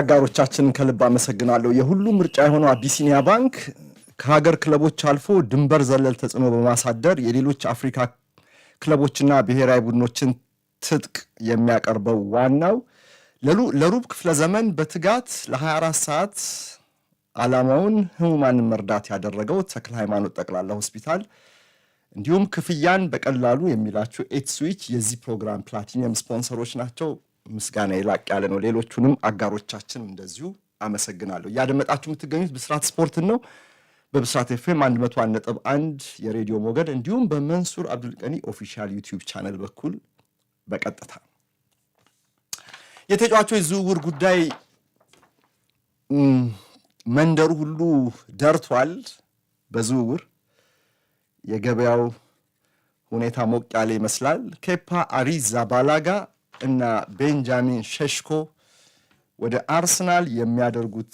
አጋሮቻችን ከልብ አመሰግናለሁ። የሁሉ ምርጫ የሆነው አቢሲኒያ ባንክ ከሀገር ክለቦች አልፎ ድንበር ዘለል ተጽዕኖ በማሳደር የሌሎች አፍሪካ ክለቦችና ብሔራዊ ቡድኖችን ትጥቅ የሚያቀርበው ዋናው ለሩብ ክፍለ ዘመን በትጋት ለ24 ሰዓት ዓላማውን ህሙማንን መርዳት ያደረገው ተክለ ሃይማኖት ጠቅላላ ሆስፒታል እንዲሁም ክፍያን በቀላሉ የሚላቸው ኤትስዊች የዚህ ፕሮግራም ፕላቲኒየም ስፖንሰሮች ናቸው። ምስጋና የላቅ ያለ ነው። ሌሎቹንም አጋሮቻችን እንደዚሁ አመሰግናለሁ። እያደመጣችሁ የምትገኙት ብስራት ስፖርትን ነው። በብስራት ኤፍኤም 101.1 የሬዲዮ ሞገድ እንዲሁም በመንሱር አብዱልቀኒ ኦፊሻል ዩቲዩብ ቻነል በኩል በቀጥታ የተጫዋቾች ዝውውር ጉዳይ መንደሩ ሁሉ ደርቷል። በዝውውር የገበያው ሁኔታ ሞቅ ያለ ይመስላል። ኬፓ አሪዛባላጋ እና ቤንጃሚን ሸሽኮ ወደ አርሰናል የሚያደርጉት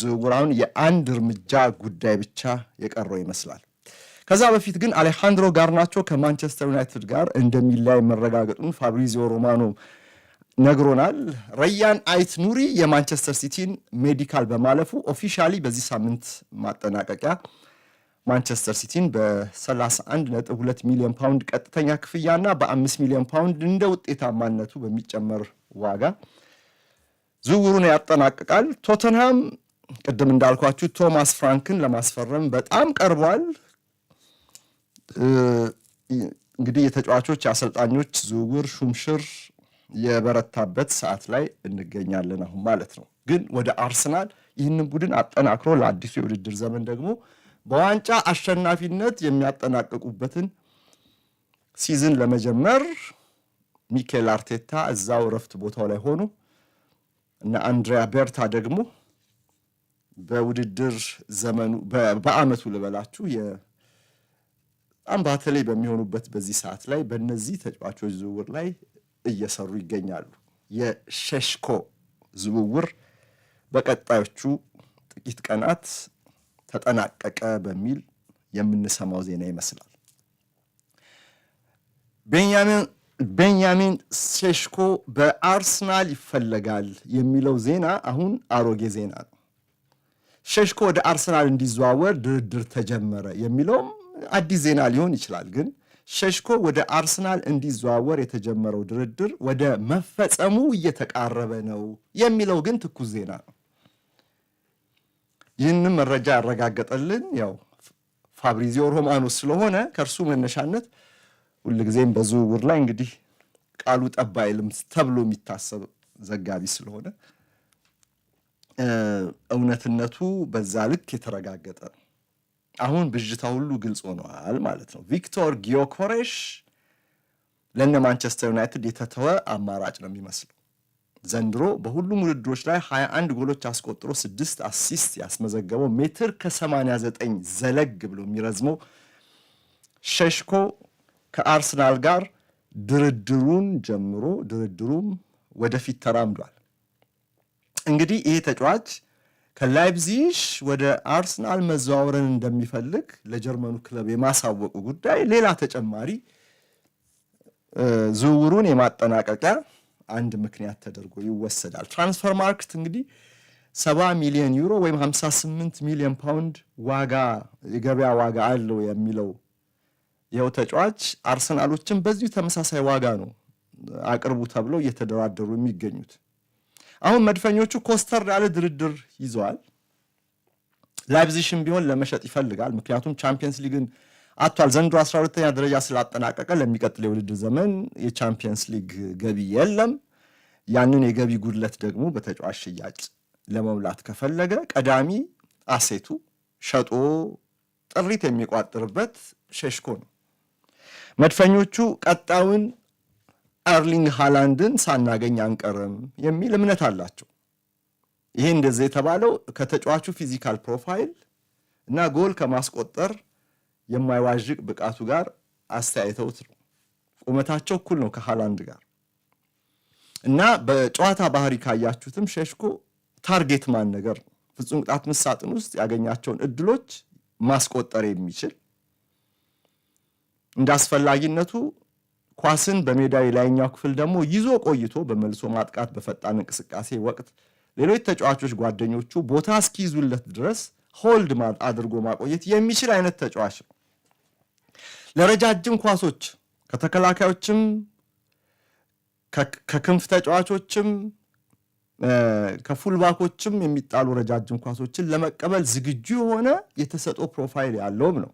ዝውውር አሁን የአንድ እርምጃ ጉዳይ ብቻ የቀረው ይመስላል። ከዛ በፊት ግን አሌሃንድሮ ጋርናቾ ከማንቸስተር ዩናይትድ ጋር እንደሚለያይ መረጋገጡን ፋብሪዚዮ ሮማኖ ነግሮናል። ረያን አይት ኑሪ የማንቸስተር ሲቲን ሜዲካል በማለፉ ኦፊሻሊ በዚህ ሳምንት ማጠናቀቂያ ማንቸስተር ሲቲን በ31.2 ሚሊዮን ፓውንድ ቀጥተኛ ክፍያና በ5 ሚሊዮን ፓውንድ እንደ ውጤታማነቱ በሚጨመር ዋጋ ዝውውሩን ያጠናቅቃል። ቶተንሃም ቅድም እንዳልኳችሁ ቶማስ ፍራንክን ለማስፈረም በጣም ቀርቧል። እንግዲህ የተጫዋቾች የአሰልጣኞች ዝውውር ሹምሽር የበረታበት ሰዓት ላይ እንገኛለን አሁን ማለት ነው። ግን ወደ አርሰናል ይህንን ቡድን አጠናክሮ ለአዲሱ የውድድር ዘመን ደግሞ በዋንጫ አሸናፊነት የሚያጠናቅቁበትን ሲዝን ለመጀመር ሚኬል አርቴታ እዛው እረፍት ቦታው ላይ ሆኑ እና አንድሪያ ቤርታ ደግሞ በውድድር ዘመኑ በአመቱ ልበላችሁ በጣም በተለይ በሚሆኑበት በዚህ ሰዓት ላይ በእነዚህ ተጫዋቾች ዝውውር ላይ እየሰሩ ይገኛሉ። የሸሽኮ ዝውውር በቀጣዮቹ ጥቂት ቀናት ተጠናቀቀ በሚል የምንሰማው ዜና ይመስላል። ቤንያሚን ሴሽኮ በአርሰናል ይፈለጋል የሚለው ዜና አሁን አሮጌ ዜና ነው። ሴሽኮ ወደ አርሰናል እንዲዘዋወር ድርድር ተጀመረ የሚለውም አዲስ ዜና ሊሆን ይችላል። ግን ሴሽኮ ወደ አርሰናል እንዲዘዋወር የተጀመረው ድርድር ወደ መፈጸሙ እየተቃረበ ነው የሚለው ግን ትኩስ ዜና ነው። ይህንም መረጃ ያረጋገጠልን ያው ፋብሪዚዮ ሮማኖስ ስለሆነ ከእርሱ መነሻነት ሁልጊዜም በዝውውር ላይ እንግዲህ ቃሉ ጠባይልም ተብሎ የሚታሰብ ዘጋቢ ስለሆነ እውነትነቱ በዛ ልክ የተረጋገጠ ነው። አሁን ብዥታ ሁሉ ግልጽ ሆነዋል ማለት ነው። ቪክቶር ጊዮኮሬሽ ለእነ ማንቸስተር ዩናይትድ የተተወ አማራጭ ነው የሚመስለው። ዘንድሮ በሁሉም ውድድሮች ላይ 21 ጎሎች አስቆጥሮ 6 አሲስት ያስመዘገበው ሜትር ከ89 ዘለግ ብሎ የሚረዝመው ሸሽኮ ከአርሰናል ጋር ድርድሩን ጀምሮ ድርድሩም ወደፊት ተራምዷል። እንግዲህ ይህ ተጫዋች ከላይፕዚሽ ወደ አርሰናል መዘዋወርን እንደሚፈልግ ለጀርመኑ ክለብ የማሳወቁ ጉዳይ ሌላ ተጨማሪ ዝውውሩን የማጠናቀቂያ አንድ ምክንያት ተደርጎ ይወሰዳል። ትራንስፈር ማርክት እንግዲህ 70 ሚሊዮን ዩሮ ወይም 58 ሚሊዮን ፓውንድ ዋጋ የገበያ ዋጋ አለው የሚለው ይኸው ተጫዋች አርሰናሎችን በዚሁ ተመሳሳይ ዋጋ ነው አቅርቡ ተብለው እየተደራደሩ የሚገኙት። አሁን መድፈኞቹ ኮስተር ያለ ድርድር ይዘዋል። ላይፕዚሽም ቢሆን ለመሸጥ ይፈልጋል። ምክንያቱም ቻምፒየንስ ሊግን አቷል ዘንድሮ 12ኛ ደረጃ ስላጠናቀቀ ለሚቀጥል የውድድር ዘመን የቻምፒየንስ ሊግ ገቢ የለም። ያንን የገቢ ጉድለት ደግሞ በተጫዋች ሽያጭ ለመሙላት ከፈለገ ቀዳሚ አሴቱ ሸጦ ጥሪት የሚቋጥርበት ሸሽኮ ነው። መድፈኞቹ ቀጣዩን አርሊንግ ሃላንድን ሳናገኝ አንቀርም የሚል እምነት አላቸው። ይሄ እንደዚህ የተባለው ከተጫዋቹ ፊዚካል ፕሮፋይል እና ጎል ከማስቆጠር የማይዋዥቅ ብቃቱ ጋር አስተያይተውት ነው። ቁመታቸው እኩል ነው ከሃላንድ ጋር እና በጨዋታ ባህሪ ካያችሁትም ሸሽኮ ታርጌት ማን ነገር ነው። ፍጹም ቅጣት ምት ሳጥን ውስጥ ያገኛቸውን እድሎች ማስቆጠር የሚችል እንደ አስፈላጊነቱ ኳስን በሜዳ የላይኛው ክፍል ደግሞ ይዞ ቆይቶ በመልሶ ማጥቃት በፈጣን እንቅስቃሴ ወቅት ሌሎች ተጫዋቾች ጓደኞቹ ቦታ እስኪይዙለት ድረስ ሆልድ አድርጎ ማቆየት የሚችል አይነት ተጫዋች ነው። ለረጃጅም ኳሶች ከተከላካዮችም ከክንፍ ተጫዋቾችም ከፉልባኮችም የሚጣሉ ረጃጅም ኳሶችን ለመቀበል ዝግጁ የሆነ የተሰጦ ፕሮፋይል ያለውም ነው።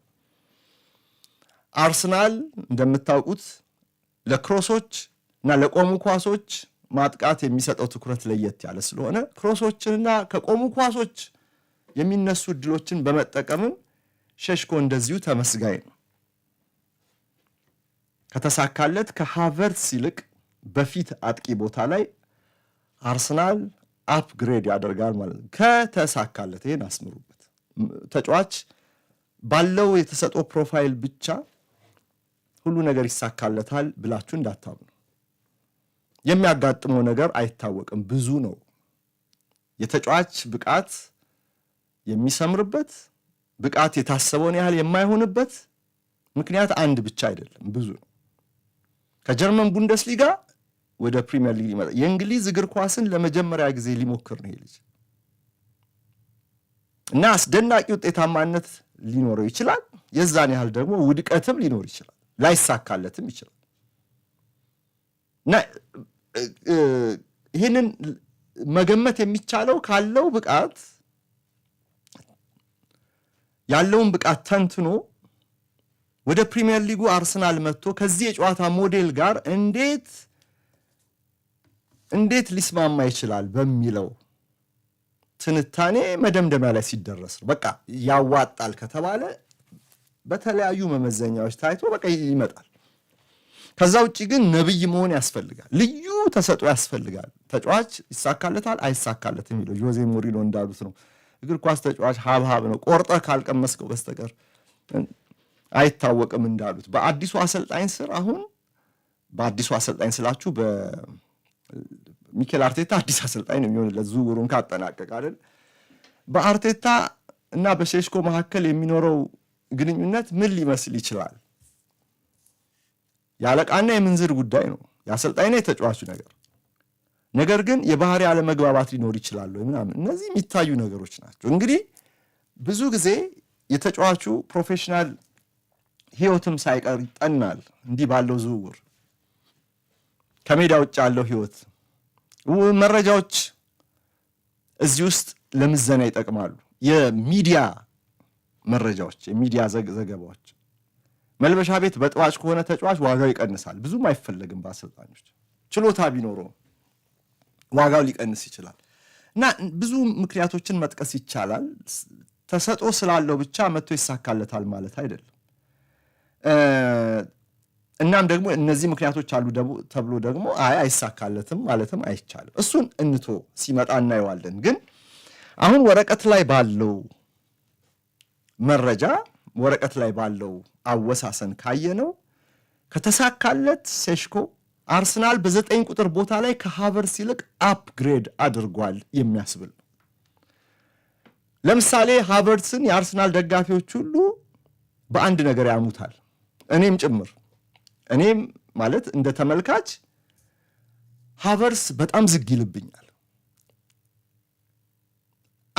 አርሰናል እንደምታውቁት ለክሮሶች እና ለቆሙ ኳሶች ማጥቃት የሚሰጠው ትኩረት ለየት ያለ ስለሆነ ክሮሶችንና ከቆሙ ኳሶች የሚነሱ እድሎችን በመጠቀምም ሸሽኮ እንደዚሁ ተመስጋኝ ነው። ከተሳካለት ከሃቨርትስ ይልቅ በፊት አጥቂ ቦታ ላይ አርሰናል አፕግሬድ ያደርጋል ማለት ነው። ከተሳካለት ይሄን አስምሩበት። ተጫዋች ባለው የተሰጠው ፕሮፋይል ብቻ ሁሉ ነገር ይሳካለታል ብላችሁ እንዳታምኑ። የሚያጋጥመው ነገር አይታወቅም፣ ብዙ ነው። የተጫዋች ብቃት የሚሰምርበት ብቃት የታሰበውን ያህል የማይሆንበት ምክንያት አንድ ብቻ አይደለም፣ ብዙ ነው። ከጀርመን ቡንደስሊጋ ወደ ፕሪሚየር ሊግ ይመጣል። የእንግሊዝ እግር ኳስን ለመጀመሪያ ጊዜ ሊሞክር ነው ልጅ እና አስደናቂ ውጤታማነት ሊኖረው ይችላል። የዛን ያህል ደግሞ ውድቀትም ሊኖር ይችላል፣ ላይሳካለትም ይችላል እና ይህንን መገመት የሚቻለው ካለው ብቃት ያለውን ብቃት ተንትኖ ወደ ፕሪሚየር ሊጉ አርሰናል መጥቶ ከዚህ የጨዋታ ሞዴል ጋር እንዴት እንዴት ሊስማማ ይችላል በሚለው ትንታኔ መደምደሚያ ላይ ሲደረስ ነው በቃ ያዋጣል ከተባለ በተለያዩ መመዘኛዎች ታይቶ በቃ ይመጣል። ከዛ ውጭ ግን ነብይ መሆን ያስፈልጋል፣ ልዩ ተሰጦ ያስፈልጋል። ተጫዋች ይሳካለታል አይሳካለትም የሚለው ጆዜ ሞሪኖ እንዳሉት ነው። እግር ኳስ ተጫዋች ሀብሀብ ነው፣ ቆርጠህ ካልቀመስከው በስተቀር አይታወቅም እንዳሉት በአዲሱ አሰልጣኝ ስር አሁን በአዲሱ አሰልጣኝ ስላችሁ ሚኬል አርቴታ አዲስ አሰልጣኝ ነው የሚሆንለት ዝውውሩን ካጠናቀቅ አይደል። በአርቴታ እና በሴስኮ መካከል የሚኖረው ግንኙነት ምን ሊመስል ይችላል? የአለቃና የምንዝር ጉዳይ ነው፣ የአሰልጣኝና የተጫዋቹ ነገር። ነገር ግን የባህሪ አለመግባባት ሊኖር ይችላል ወይ ምናምን፣ እነዚህ የሚታዩ ነገሮች ናቸው። እንግዲህ ብዙ ጊዜ የተጫዋቹ ፕሮፌሽናል ህይወትም ሳይቀር ይጠናል እንዲህ ባለው ዝውውር ከሜዳ ውጭ ያለው ህይወት መረጃዎች እዚህ ውስጥ ለምዘና ይጠቅማሉ። የሚዲያ መረጃዎች፣ የሚዲያ ዘገባዎች። መልበሻ ቤት በጥዋጭ ከሆነ ተጫዋች ዋጋው ይቀንሳል። ብዙም አይፈለግም። በአሰልጣኞች ችሎታ ቢኖረው ዋጋው ሊቀንስ ይችላል እና ብዙ ምክንያቶችን መጥቀስ ይቻላል። ተሰጦ ስላለው ብቻ መጥቶ ይሳካለታል ማለት አይደለም። እናም ደግሞ እነዚህ ምክንያቶች አሉ ተብሎ ደግሞ አይ አይሳካለትም ማለትም አይቻልም። እሱን እንቶ ሲመጣ እናየዋለን። ግን አሁን ወረቀት ላይ ባለው መረጃ ወረቀት ላይ ባለው አወሳሰን ካየነው ከተሳካለት ሴሽኮ አርሰናል በዘጠኝ ቁጥር ቦታ ላይ ከሃቨርስ ይልቅ አፕግሬድ አድርጓል የሚያስብል ነው። ለምሳሌ ሃቨርትስን የአርሰናል ደጋፊዎች ሁሉ በአንድ ነገር ያሙታል፣ እኔም ጭምር እኔም ማለት እንደ ተመልካች ሀቨርስ በጣም ዝግ ይልብኛል።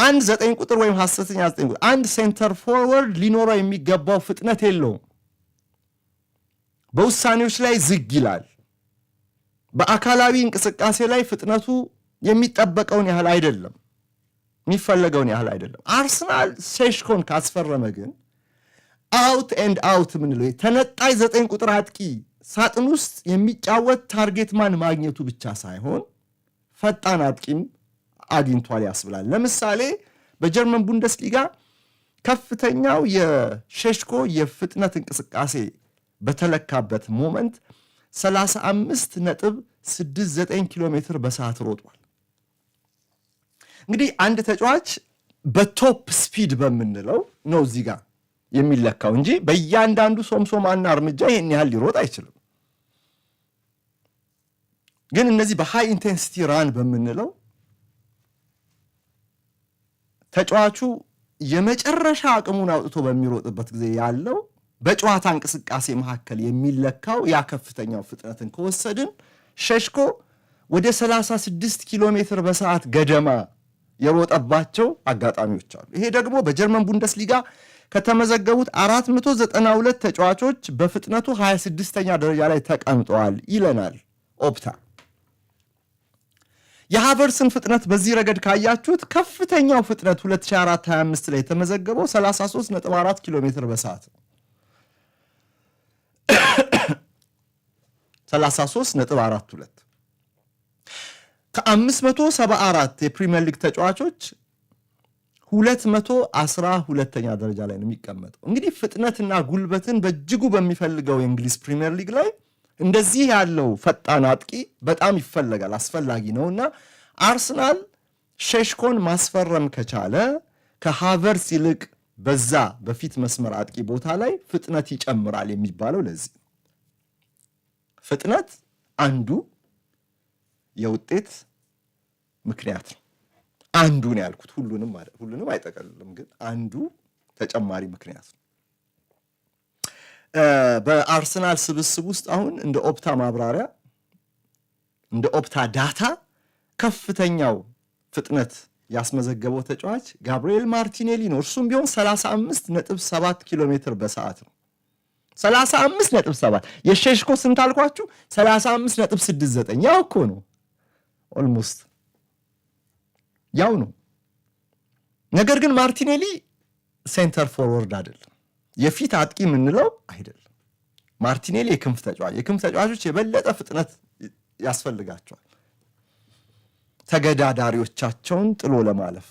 አንድ ዘጠኝ ቁጥር ወይም ሐሰተኛ ዘጠኝ ቁጥር አንድ ሴንተር ፎርወርድ ሊኖረው የሚገባው ፍጥነት የለውም። በውሳኔዎች ላይ ዝግ ይላል። በአካላዊ እንቅስቃሴ ላይ ፍጥነቱ የሚጠበቀውን ያህል አይደለም፣ የሚፈለገውን ያህል አይደለም። አርሰናል ሴሽኮን ካስፈረመ ግን አውት ኤንድ አውት ምንለው ተነጣይ ዘጠኝ ቁጥር አጥቂ ሳጥን ውስጥ የሚጫወት ታርጌት ማን ማግኘቱ ብቻ ሳይሆን ፈጣን አጥቂም አግኝቷል ያስብላል። ለምሳሌ በጀርመን ቡንደስሊጋ ከፍተኛው የሼሽኮ የፍጥነት እንቅስቃሴ በተለካበት ሞመንት 35.69 ነጥብ 69 ኪሎ ሜትር በሰዓት ሮጧል። እንግዲህ አንድ ተጫዋች በቶፕ ስፒድ በምንለው ነው እዚህ ጋር የሚለካው እንጂ በእያንዳንዱ ሶምሶማና እርምጃ ይህን ያህል ሊሮጥ አይችልም። ግን እነዚህ በሃይ ኢንቴንሲቲ ራን በምንለው ተጫዋቹ የመጨረሻ አቅሙን አውጥቶ በሚሮጥበት ጊዜ ያለው በጨዋታ እንቅስቃሴ መካከል የሚለካው ያ ከፍተኛው ፍጥነትን ከወሰድን ሸሽኮ ወደ 36 ኪሎ ሜትር በሰዓት ገደማ የሮጠባቸው አጋጣሚዎች አሉ። ይሄ ደግሞ በጀርመን ቡንደስሊጋ ከተመዘገቡት 492 ተጫዋቾች በፍጥነቱ 26ኛ ደረጃ ላይ ተቀምጠዋል ይለናል ኦፕታ። የሃቨርስን ፍጥነት በዚህ ረገድ ካያችሁት ከፍተኛው ፍጥነት 2425 ላይ የተመዘገበው 33.4 ኪሎ ሜትር በሰዓት ነው። 33.42 ከ574 የፕሪምየር ሊግ ተጫዋቾች ሁለት መቶ አስራ ሁለተኛ ደረጃ ላይ ነው የሚቀመጠው። እንግዲህ ፍጥነትና ጉልበትን በእጅጉ በሚፈልገው የእንግሊዝ ፕሪምየር ሊግ ላይ እንደዚህ ያለው ፈጣን አጥቂ በጣም ይፈለጋል፣ አስፈላጊ ነው እና አርሰናል ሼሽኮን ማስፈረም ከቻለ ከሃቨርስ ይልቅ በዛ በፊት መስመር አጥቂ ቦታ ላይ ፍጥነት ይጨምራል የሚባለው ለዚህ ፍጥነት አንዱ የውጤት ምክንያት ነው። አንዱ ነው ያልኩት። ሁሉንም ሁሉንም አይጠቀልልም፣ ግን አንዱ ተጨማሪ ምክንያት ነው። በአርሰናል ስብስብ ውስጥ አሁን እንደ ኦፕታ ማብራሪያ እንደ ኦፕታ ዳታ ከፍተኛው ፍጥነት ያስመዘገበው ተጫዋች ጋብርኤል ማርቲኔሊ ነው። እርሱም ቢሆን 35.7 ኪሎ ሜትር በሰዓት ነው። 35.7 የሸሽኮ ስንት አልኳችሁ? 35.69 ያው እኮ ነው ኦልሞስት ያው ነው። ነገር ግን ማርቲኔሊ ሴንተር ፎርወርድ አይደለም፣ የፊት አጥቂ የምንለው አይደለም። ማርቲኔሊ የክንፍ ተጫዋች፣ የክንፍ ተጫዋቾች የበለጠ ፍጥነት ያስፈልጋቸዋል ተገዳዳሪዎቻቸውን ጥሎ ለማለፍ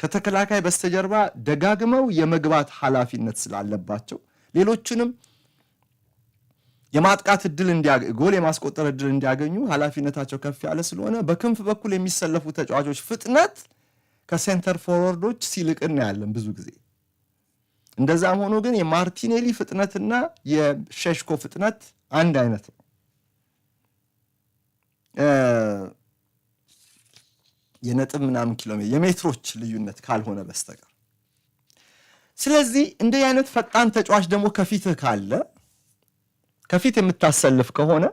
ከተከላካይ በስተጀርባ ደጋግመው የመግባት ኃላፊነት ስላለባቸው ሌሎቹንም የማጥቃት እድል ጎል የማስቆጠር እድል እንዲያገኙ ኃላፊነታቸው ከፍ ያለ ስለሆነ በክንፍ በኩል የሚሰለፉ ተጫዋቾች ፍጥነት ከሴንተር ፎርወርዶች ሲልቅ እናያለን ብዙ ጊዜ። እንደዛም ሆኖ ግን የማርቲኔሊ ፍጥነትና የሸሽኮ ፍጥነት አንድ አይነት ነው። የነጥብ ምናምን ኪሎ የሜትሮች ልዩነት ካልሆነ በስተቀር ስለዚህ እንዲህ አይነት ፈጣን ተጫዋች ደግሞ ከፊትህ ካለ ከፊት የምታሰልፍ ከሆነ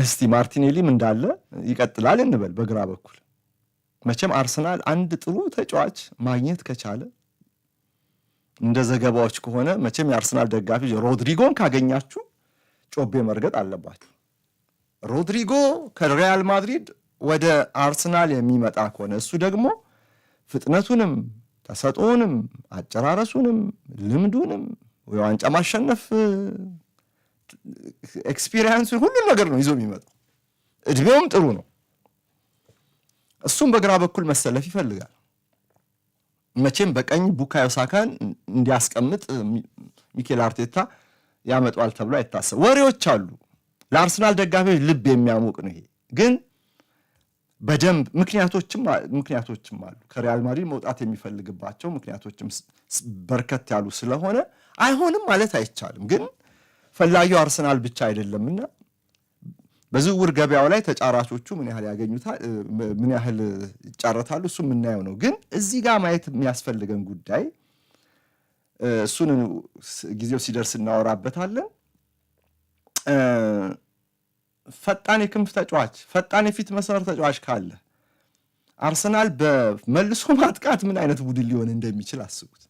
እስቲ ማርቲኔሊም እንዳለ ይቀጥላል እንበል። በግራ በኩል መቼም አርሰናል አንድ ጥሩ ተጫዋች ማግኘት ከቻለ እንደ ዘገባዎች ከሆነ መቼም የአርሰናል ደጋፊ ሮድሪጎን ካገኛችሁ ጮቤ መርገጥ አለባችሁ። ሮድሪጎ ከሪያል ማድሪድ ወደ አርሰናል የሚመጣ ከሆነ እሱ ደግሞ ፍጥነቱንም ተሰጦንም አጨራረሱንም ልምዱንም ዋንጫ ማሸነፍ ኤክስፒሪየንሱን ሁሉን ነገር ነው ይዞ የሚመጣው። እድሜውም ጥሩ ነው። እሱም በግራ በኩል መሰለፍ ይፈልጋል። መቼም በቀኝ ቡካዮ ሳካን እንዲያስቀምጥ ሚኬል አርቴታ ያመጧል ተብሎ አይታሰብ። ወሬዎች አሉ። ለአርሰናል ደጋፊዎች ልብ የሚያሞቅ ነው። ይሄ ግን በደንብ ምክንያቶችም ምክንያቶችም አሉ። ከሪያል ማድሪድ መውጣት የሚፈልግባቸው ምክንያቶችም በርከት ያሉ ስለሆነ አይሆንም ማለት አይቻልም። ግን ፈላጊው አርሰናል ብቻ አይደለምና በዝውውር ገበያው ላይ ተጫራቾቹ ምን ያህል ያገኙታል፣ ምን ያህል ይጫረታሉ እሱ የምናየው ነው። ግን እዚህ ጋር ማየት የሚያስፈልገን ጉዳይ እሱን ጊዜው ሲደርስ እናወራበታለን። ፈጣን የክንፍ ተጫዋች፣ ፈጣን የፊት መስመር ተጫዋች ካለ አርሰናል በመልሶ ማጥቃት ምን አይነት ቡድን ሊሆን እንደሚችል አስቡት።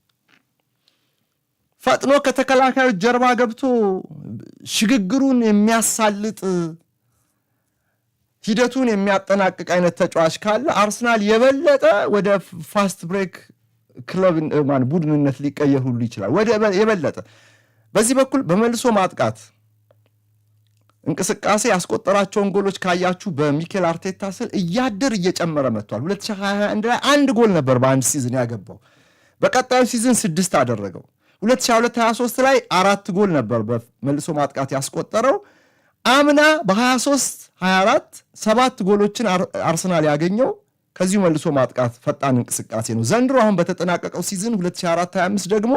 ፈጥኖ ከተከላካዮች ጀርባ ገብቶ ሽግግሩን የሚያሳልጥ ሂደቱን የሚያጠናቅቅ አይነት ተጫዋች ካለ አርሰናል የበለጠ ወደ ፋስት ብሬክ ክለብ ቡድንነት ሊቀየር ሁሉ ይችላል። የበለጠ በዚህ በኩል በመልሶ ማጥቃት እንቅስቃሴ ያስቆጠራቸውን ጎሎች ካያችሁ በሚኬል አርቴታ ስር እያደር እየጨመረ መጥቷል። 2021 ላይ አንድ ጎል ነበር በአንድ ሲዝን ያገባው። በቀጣዩ ሲዝን ስድስት አደረገው። 2022/23 ላይ አራት ጎል ነበር በመልሶ ማጥቃት ያስቆጠረው። አምና በ23/24 ሰባት ጎሎችን አርሰናል ያገኘው ከዚሁ መልሶ ማጥቃት ፈጣን እንቅስቃሴ ነው። ዘንድሮ አሁን በተጠናቀቀው ሲዝን 2024/25 ደግሞ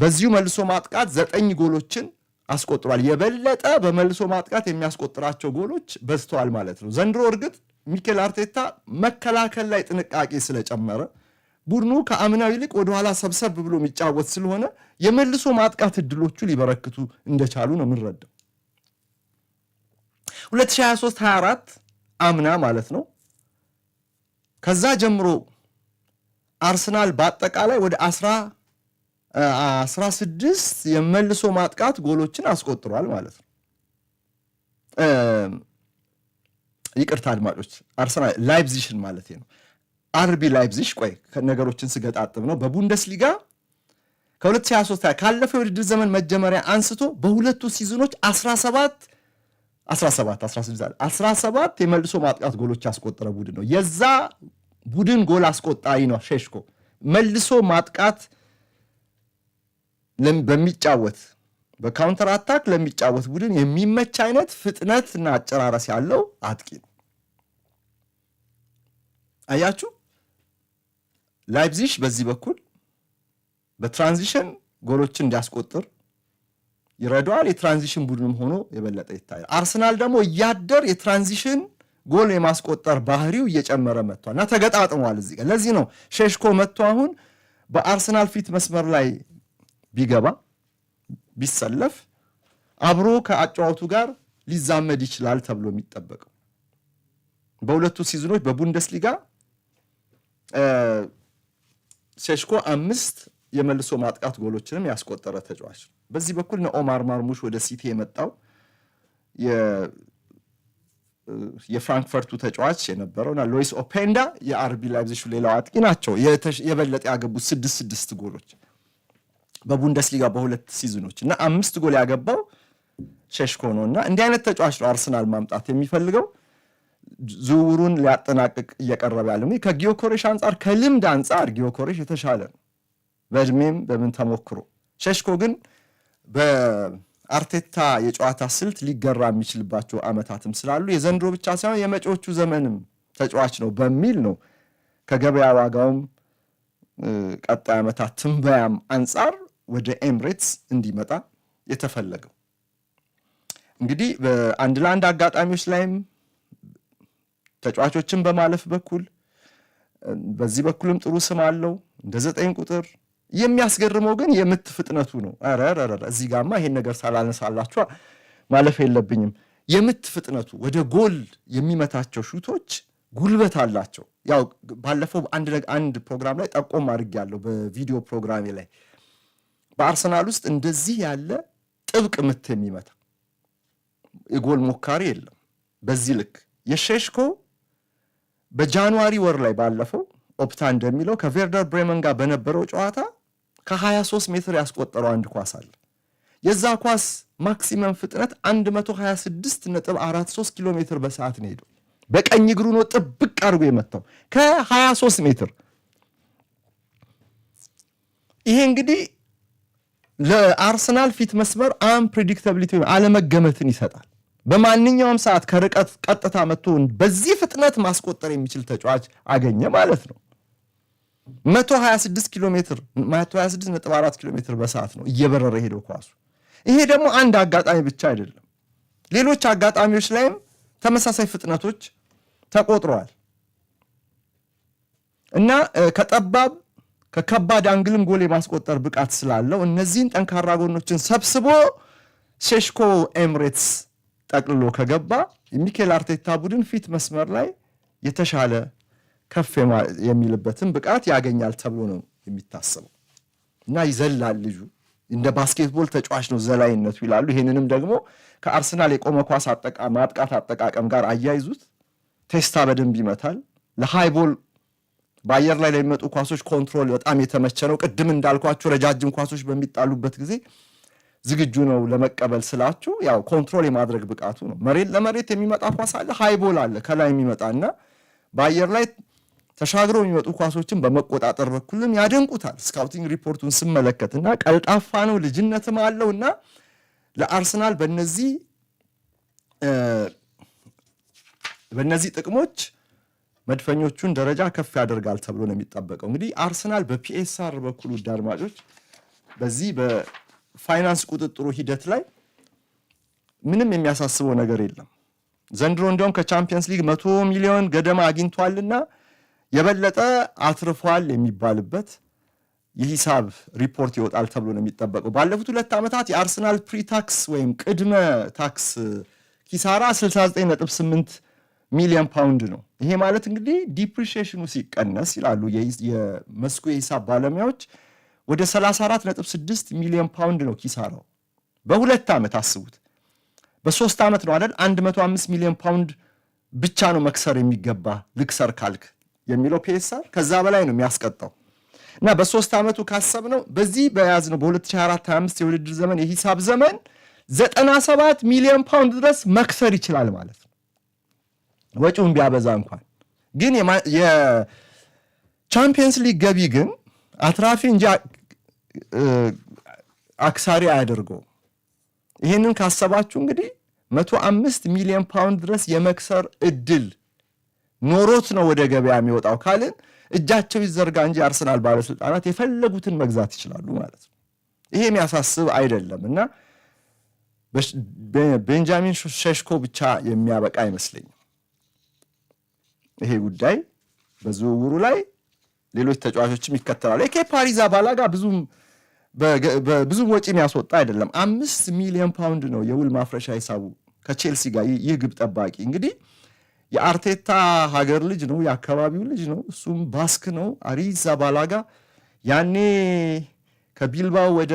በዚሁ መልሶ ማጥቃት ዘጠኝ ጎሎችን አስቆጥሯል። የበለጠ በመልሶ ማጥቃት የሚያስቆጥራቸው ጎሎች በዝተዋል ማለት ነው። ዘንድሮ እርግጥ ሚኬል አርቴታ መከላከል ላይ ጥንቃቄ ስለጨመረ ቡድኑ ከአምናው ይልቅ ወደኋላ ሰብሰብ ብሎ የሚጫወት ስለሆነ የመልሶ ማጥቃት እድሎቹ ሊበረክቱ እንደቻሉ ነው የምንረዳው። 2023/24 አምና ማለት ነው። ከዛ ጀምሮ አርሰናል በአጠቃላይ ወደ 16 የመልሶ ማጥቃት ጎሎችን አስቆጥሯል ማለት ነው። ይቅርታ አድማጮች፣ አርሰናል ላይፕዚሽን ማለት ነው። አርቢ ላይፕዚሽ ቆይ ነገሮችን ስገጣጥም ነው በቡንደስሊጋ ከ2023 ካለፈው የውድድር ዘመን መጀመሪያ አንስቶ በሁለቱ ሲዝኖች 17 17 የመልሶ ማጥቃት ጎሎች ያስቆጠረ ቡድን ነው። የዛ ቡድን ጎል አስቆጣሪ ነው ሼሽኮ። መልሶ ማጥቃት በሚጫወት በካውንተር አታክ ለሚጫወት ቡድን የሚመች አይነት ፍጥነትና አጨራረስ ያለው አጥቂ ነው። አያችሁ ላይፕዚሽ በዚህ በኩል በትራንዚሽን ጎሎችን እንዲያስቆጥር ይረዳዋል። የትራንዚሽን ቡድንም ሆኖ የበለጠ ይታያል። አርሰናል ደግሞ እያደር የትራንዚሽን ጎል የማስቆጠር ባህሪው እየጨመረ መጥቷል እና ተገጣጥሟል። እዚህ ጋር ለዚህ ነው ሼሽኮ መጥቶ አሁን በአርሰናል ፊት መስመር ላይ ቢገባ ቢሰለፍ አብሮ ከአጫዋቱ ጋር ሊዛመድ ይችላል ተብሎ የሚጠበቀው በሁለቱ ሲዝኖች በቡንደስሊጋ ሴሽኮ አምስት የመልሶ ማጥቃት ጎሎችንም ያስቆጠረ ተጫዋች ነው። በዚህ በኩል ነው ኦማር ማርሙሽ ወደ ሲቲ የመጣው የፍራንክፈርቱ ተጫዋች የነበረውና ሎይስ ኦፔንዳ የአርቢ ላይብዚሹ ሌላው አጥቂ ናቸው። የበለጠ ያገቡት ስድስት ስድስት ጎሎች በቡንደስሊጋ በሁለት ሲዝኖች እና አምስት ጎል ያገባው ሸሽኮ ነው እና እንዲህ አይነት ተጫዋች ነው አርሰናል ማምጣት የሚፈልገው። ዝውውሩን ሊያጠናቅቅ እየቀረበ ያለ ከጊዮኮሬሽ አንጻር ከልምድ አንጻር ጊዮኮሬሽ የተሻለ ነው፣ በእድሜም በምን ተሞክሮ። ሸሽኮ ግን በአርቴታ የጨዋታ ስልት ሊገራ የሚችልባቸው ዓመታትም ስላሉ የዘንድሮ ብቻ ሳይሆን የመጪዎቹ ዘመንም ተጫዋች ነው በሚል ነው ከገበያ ዋጋውም ቀጣይ ዓመታት ትንበያም አንጻር ወደ ኤምሬትስ እንዲመጣ የተፈለገው። እንግዲህ በአንድ ለአንድ አጋጣሚዎች ላይም ተጫዋቾችን በማለፍ በኩል በዚህ በኩልም ጥሩ ስም አለው። እንደ ዘጠኝ ቁጥር የሚያስገርመው ግን የምት ፍጥነቱ ነው። ኧረ እዚህ ጋማ ይሄን ነገር ሳላነሳላችሁ ማለፍ የለብኝም። የምት ፍጥነቱ ወደ ጎል የሚመታቸው ሹቶች ጉልበት አላቸው። ያው ባለፈው አንድ ፕሮግራም ላይ ጠቆም አድርጌያለሁ፣ በቪዲዮ ፕሮግራሜ ላይ በአርሰናል ውስጥ እንደዚህ ያለ ጥብቅ ምት የሚመታ የጎል ሞካሪ የለም። በዚህ ልክ የሸሽኮ በጃንዋሪ ወር ላይ ባለፈው ኦፕታ እንደሚለው ከቬርደር ብሬመን ጋር በነበረው ጨዋታ ከ23 ሜትር ያስቆጠረው አንድ ኳስ አለ። የዛ ኳስ ማክሲመም ፍጥነት 126.43 ኪሎ ሜትር በሰዓት ነው ሄደው። በቀኝ እግሩ ነው ጥብቅ አድርጎ የመታው ከ23 ሜትር። ይሄ እንግዲህ ለአርሰናል ፊት መስመር አንፕሬዲክታብሊቲ አለመገመትን ይሰጣል። በማንኛውም ሰዓት ከርቀት ቀጥታ መጥቶ በዚህ ፍጥነት ማስቆጠር የሚችል ተጫዋች አገኘ ማለት ነው። 126 ኪሎ ሜትር 126.4 ኪሎ ሜትር በሰዓት ነው እየበረረ ሄደው ኳሱ። ይሄ ደግሞ አንድ አጋጣሚ ብቻ አይደለም፣ ሌሎች አጋጣሚዎች ላይም ተመሳሳይ ፍጥነቶች ተቆጥረዋል እና ከጠባብ ከከባድ አንግልም ጎል የማስቆጠር ብቃት ስላለው እነዚህን ጠንካራ ጎኖችን ሰብስቦ ሴሽኮ ኤምሬትስ ጠቅልሎ ከገባ የሚኬል አርቴታ ቡድን ፊት መስመር ላይ የተሻለ ከፍ የሚልበትን ብቃት ያገኛል ተብሎ ነው የሚታሰበው እና ይዘላል ልጁ እንደ ባስኬትቦል ተጫዋች ነው ዘላይነቱ ይላሉ። ይህንንም ደግሞ ከአርሰናል የቆመ ኳስ ማጥቃት አጠቃቀም ጋር አያይዙት። ቴስታ በደንብ ይመታል። ለሃይቦል በአየር ላይ ለሚመጡ ኳሶች ኮንትሮል በጣም የተመቸ ነው። ቅድም እንዳልኳቸው ረጃጅም ኳሶች በሚጣሉበት ጊዜ ዝግጁ ነው ለመቀበል ስላችሁ፣ ያው ኮንትሮል የማድረግ ብቃቱ ነው። መሬት ለመሬት የሚመጣ ኳስ አለ፣ ሃይቦል አለ ከላይ የሚመጣና በአየር ላይ ተሻግረው የሚመጡ ኳሶችን በመቆጣጠር በኩልም ያደንቁታል። ስካውቲንግ ሪፖርቱን ስመለከትና ቀልጣፋ ነው፣ ልጅነትም አለው እና ለአርሰናል በነዚህ በእነዚህ ጥቅሞች መድፈኞቹን ደረጃ ከፍ ያደርጋል ተብሎ ነው የሚጠበቀው። እንግዲህ አርሰናል በፒኤስአር በኩል ውድ አድማጮች በዚህ ፋይናንስ ቁጥጥሩ ሂደት ላይ ምንም የሚያሳስበው ነገር የለም። ዘንድሮ እንዲሁም ከቻምፒየንስ ሊግ መቶ ሚሊዮን ገደማ አግኝቷልና የበለጠ አትርፏል የሚባልበት የሂሳብ ሪፖርት ይወጣል ተብሎ ነው የሚጠበቀው። ባለፉት ሁለት ዓመታት የአርሰናል ፕሪታክስ ወይም ቅድመ ታክስ ኪሳራ 69.8 ሚሊዮን ፓውንድ ነው። ይሄ ማለት እንግዲህ ዲፕሪሺዬሽኑ ሲቀነስ ይላሉ የመስኩ የሂሳብ ባለሙያዎች ወደ 34.6 ሚሊዮን ፓውንድ ነው ኪሳራው። በሁለት ዓመት አስቡት። በሶስት ዓመት ነው አይደል? 105 ሚሊዮን ፓውንድ ብቻ ነው መክሰር የሚገባ ልክሰር ካልክ የሚለው ፒኤስአር ከዛ በላይ ነው የሚያስቀጣው። እና በሶስት ዓመቱ ነው በዚህ በያዝ ነው በ2024/25 የውድድር ዘመን የሂሳብ ዘመን 97 ሚሊዮን ፓውንድ ድረስ መክሰር ይችላል ማለት ነው። ወጪውን ቢያበዛ እንኳን ግን የቻምፒየንስ ሊግ ገቢ ግን አትራፊ እንጂ አክሳሪ አያደርገው። ይህንን ካሰባችሁ እንግዲህ መቶ አምስት ሚሊዮን ፓውንድ ድረስ የመክሰር እድል ኖሮት ነው ወደ ገበያ የሚወጣው ካልን እጃቸው ይዘርጋ እንጂ አርሰናል ባለስልጣናት የፈለጉትን መግዛት ይችላሉ ማለት ነው። ይሄ የሚያሳስብ አይደለም እና ቤንጃሚን ሸሽኮ ብቻ የሚያበቃ አይመስለኝም። ይሄ ጉዳይ በዝውውሩ ላይ ሌሎች ተጫዋቾችም ይከተላሉ። የኬፓ አሪዛባላጋ ብዙም ብዙም ወጪ የሚያስወጣ አይደለም። አምስት ሚሊዮን ፓውንድ ነው የውል ማፍረሻ ሂሳቡ ከቼልሲ ጋር። ይህ ግብ ጠባቂ እንግዲህ የአርቴታ ሀገር ልጅ ነው፣ የአካባቢው ልጅ ነው። እሱም ባስክ ነው። አሪዛ ባላጋ ያኔ ከቢልባው ወደ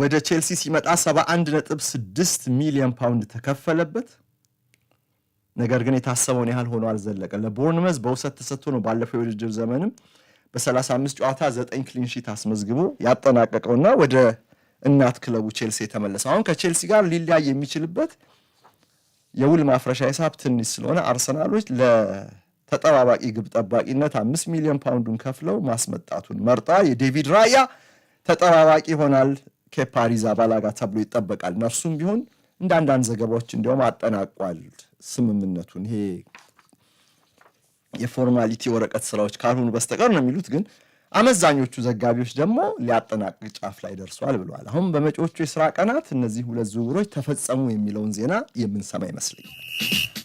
ወደ ቼልሲ ሲመጣ 71.6 ሚሊዮን ፓውንድ ተከፈለበት። ነገር ግን የታሰበውን ያህል ሆኖ አልዘለቀ ለቦርንመዝ በውሰት ተሰጥቶ ነው ባለፈው የውድድር ዘመንም በ35 ጨዋታ 9 ክሊንሺት አስመዝግቦ ያጠናቀቀውና ወደ እናት ክለቡ ቼልሲ የተመለሰው አሁን ከቼልሲ ጋር ሊለያይ የሚችልበት የውል ማፍረሻ ሂሳብ ትንሽ ስለሆነ አርሰናሎች ለተጠባባቂ ግብ ጠባቂነት አምስት ሚሊዮን ፓውንዱን ከፍለው ማስመጣቱን መርጣ የዴቪድ ራያ ተጠባባቂ ይሆናል ከፓሪዝ አባላጋ ተብሎ ይጠበቃል። ነርሱም ቢሆን እንደ አንዳንድ ዘገባዎች እንዲያውም አጠናቋል ስምምነቱን ይሄ የፎርማሊቲ ወረቀት ስራዎች ካልሆኑ በስተቀር ነው የሚሉት። ግን አመዛኞቹ ዘጋቢዎች ደግሞ ሊያጠናቅቅ ጫፍ ላይ ደርሷል ብለዋል። አሁን በመጪዎቹ የስራ ቀናት እነዚህ ሁለት ዝውውሮች ተፈጸሙ የሚለውን ዜና የምንሰማ ይመስለኛል።